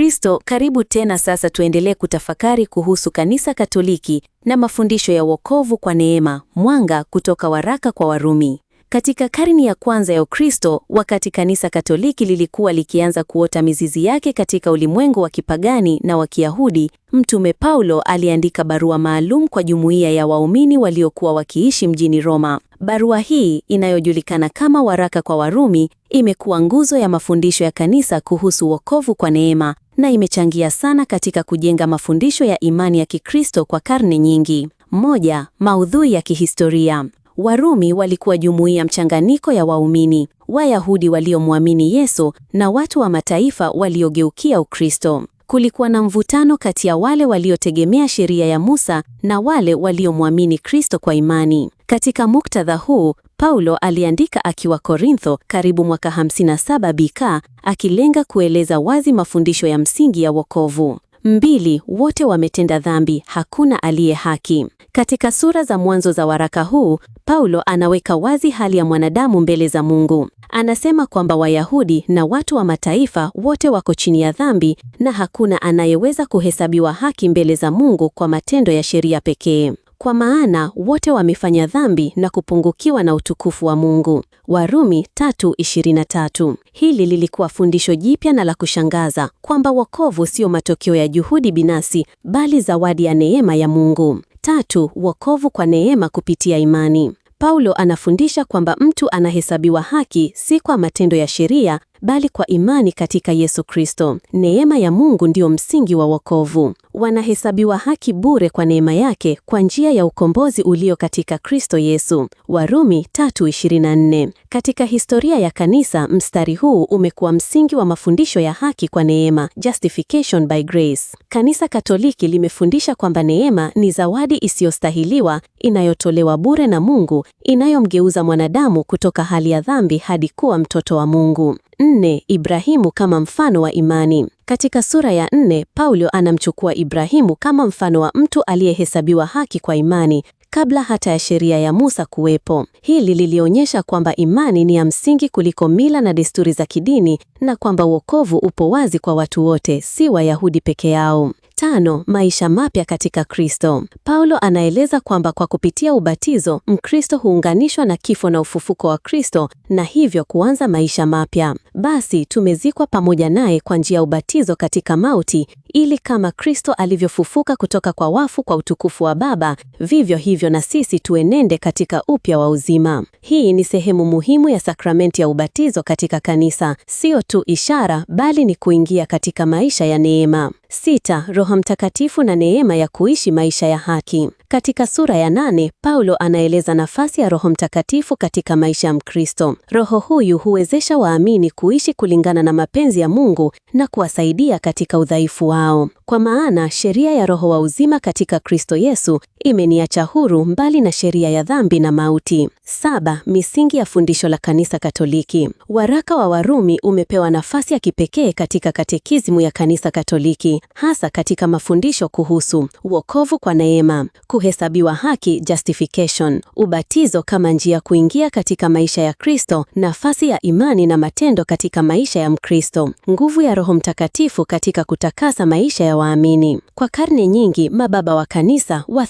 Kristo, karibu tena. Sasa tuendelee kutafakari kuhusu Kanisa Katoliki na mafundisho ya wokovu kwa neema, mwanga kutoka waraka kwa Warumi. Katika karni ya kwanza ya Ukristo, wakati Kanisa Katoliki lilikuwa likianza kuota mizizi yake katika ulimwengu wa kipagani na wa Kiyahudi, Mtume Paulo aliandika barua maalum kwa jumuiya ya waumini waliokuwa wakiishi mjini Roma. Barua hii inayojulikana kama waraka kwa Warumi imekuwa nguzo ya mafundisho ya kanisa kuhusu wokovu kwa neema na imechangia sana katika kujenga mafundisho ya imani ya Kikristo kwa karne nyingi. Moja, maudhui ya kihistoria. Warumi walikuwa jumuiya mchanganyiko ya waumini, Wayahudi waliomwamini Yesu na watu wa mataifa waliogeukia Ukristo kulikuwa na mvutano kati ya wale waliotegemea sheria ya Musa na wale waliomwamini Kristo kwa imani. Katika muktadha huu, Paulo aliandika akiwa Korintho karibu mwaka 57 BK, akilenga kueleza wazi mafundisho ya msingi ya wokovu. Mbili, wote wametenda dhambi, hakuna aliye haki. Katika sura za mwanzo za waraka huu, Paulo anaweka wazi hali ya mwanadamu mbele za Mungu. Anasema kwamba Wayahudi na watu wa mataifa wote wako chini ya dhambi na hakuna anayeweza kuhesabiwa haki mbele za Mungu kwa matendo ya sheria pekee. Kwa maana wote wamefanya dhambi na kupungukiwa na utukufu wa Mungu. Warumi 3:23. Hili lilikuwa fundisho jipya na la kushangaza kwamba wokovu sio matokeo ya juhudi binafsi bali zawadi ya neema ya Mungu. Tatu, wokovu kwa neema kupitia imani. Paulo anafundisha kwamba mtu anahesabiwa haki si kwa matendo ya sheria, bali kwa imani katika Yesu Kristo. Neema ya Mungu ndiyo msingi wa wokovu. Wanahesabiwa haki bure kwa neema yake kwa njia ya ukombozi ulio katika Kristo Yesu. Warumi 3:24. Katika historia ya kanisa, mstari huu umekuwa msingi wa mafundisho ya haki kwa neema, justification by grace. Kanisa Katoliki limefundisha kwamba neema ni zawadi isiyostahiliwa inayotolewa bure na Mungu, inayomgeuza mwanadamu kutoka hali ya dhambi hadi kuwa mtoto wa Mungu nne Ibrahimu kama mfano wa imani. Katika sura ya nne Paulo anamchukua Ibrahimu kama mfano wa mtu aliyehesabiwa haki kwa imani kabla hata ya sheria ya Musa kuwepo. Hili lilionyesha kwamba imani ni ya msingi kuliko mila na desturi za kidini na kwamba wokovu upo wazi kwa watu wote, si Wayahudi peke yao tano, maisha mapya katika Kristo. Paulo anaeleza kwamba kwa kupitia ubatizo, Mkristo huunganishwa na kifo na ufufuko wa Kristo na hivyo kuanza maisha mapya. Basi tumezikwa pamoja naye kwa njia ya ubatizo katika mauti, ili kama Kristo alivyofufuka kutoka kwa wafu kwa utukufu wa Baba, vivyo hivyo na sisi tuenende katika upya wa uzima. Hii ni sehemu muhimu ya sakramenti ya ubatizo katika kanisa, sio tu ishara bali ni kuingia katika maisha ya neema. Sita, Roho Mtakatifu na neema ya kuishi maisha ya haki. Katika sura ya nane, Paulo anaeleza nafasi ya Roho Mtakatifu katika maisha ya Mkristo. Roho huyu huwezesha waamini kuishi kulingana na mapenzi ya Mungu na kuwasaidia katika udhaifu wao. Kwa maana sheria ya Roho wa uzima katika Kristo Yesu imeniacha huru mbali na sheria ya dhambi na mauti. Saba, misingi ya fundisho la Kanisa Katoliki. Waraka wa Warumi umepewa nafasi ya kipekee katika katekizimu ya Kanisa Katoliki, hasa katika mafundisho kuhusu wokovu kwa neema, kuhesabiwa haki, justification, ubatizo kama njia kuingia katika maisha ya Kristo, nafasi ya imani na matendo katika maisha ya Mkristo, nguvu ya Roho Mtakatifu katika kutakasa maisha ya waamini. Kwa karne nyingi, mababa wa kanisa, wa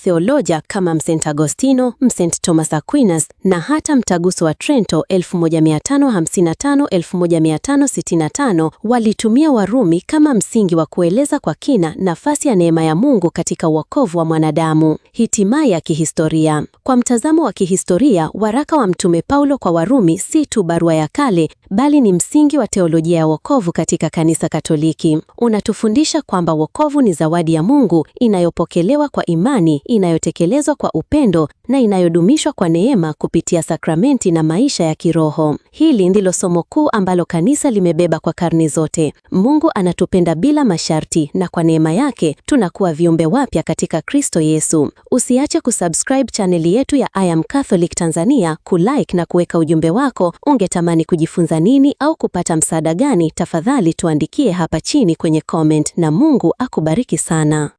kama Msent Agostino, Msent Thomas Aquinas na hata mtaguso wa Trento 1555-1565 walitumia Warumi kama msingi wa kueleza kwa kina nafasi ya neema ya Mungu katika wokovu wa mwanadamu. Hitimaye ya kihistoria. Kwa mtazamo wa kihistoria, waraka wa Mtume Paulo kwa Warumi si tu barua ya kale, bali ni msingi wa teolojia ya wokovu katika Kanisa Katoliki. Unatufundisha kwamba wokovu ni zawadi ya Mungu inayopokelewa kwa imani, inayotekelezwa kwa upendo na inayodumishwa kwa neema kupitia kupitia sakramenti na maisha ya kiroho. Hili ndilo somo kuu ambalo kanisa limebeba kwa karne zote. Mungu anatupenda bila masharti, na kwa neema yake tunakuwa viumbe wapya katika Kristo Yesu. Usiache kusubscribe chaneli yetu ya I am Catholic Tanzania, kulike na kuweka ujumbe wako. Ungetamani kujifunza nini au kupata msaada gani? Tafadhali tuandikie hapa chini kwenye comment, na Mungu akubariki sana.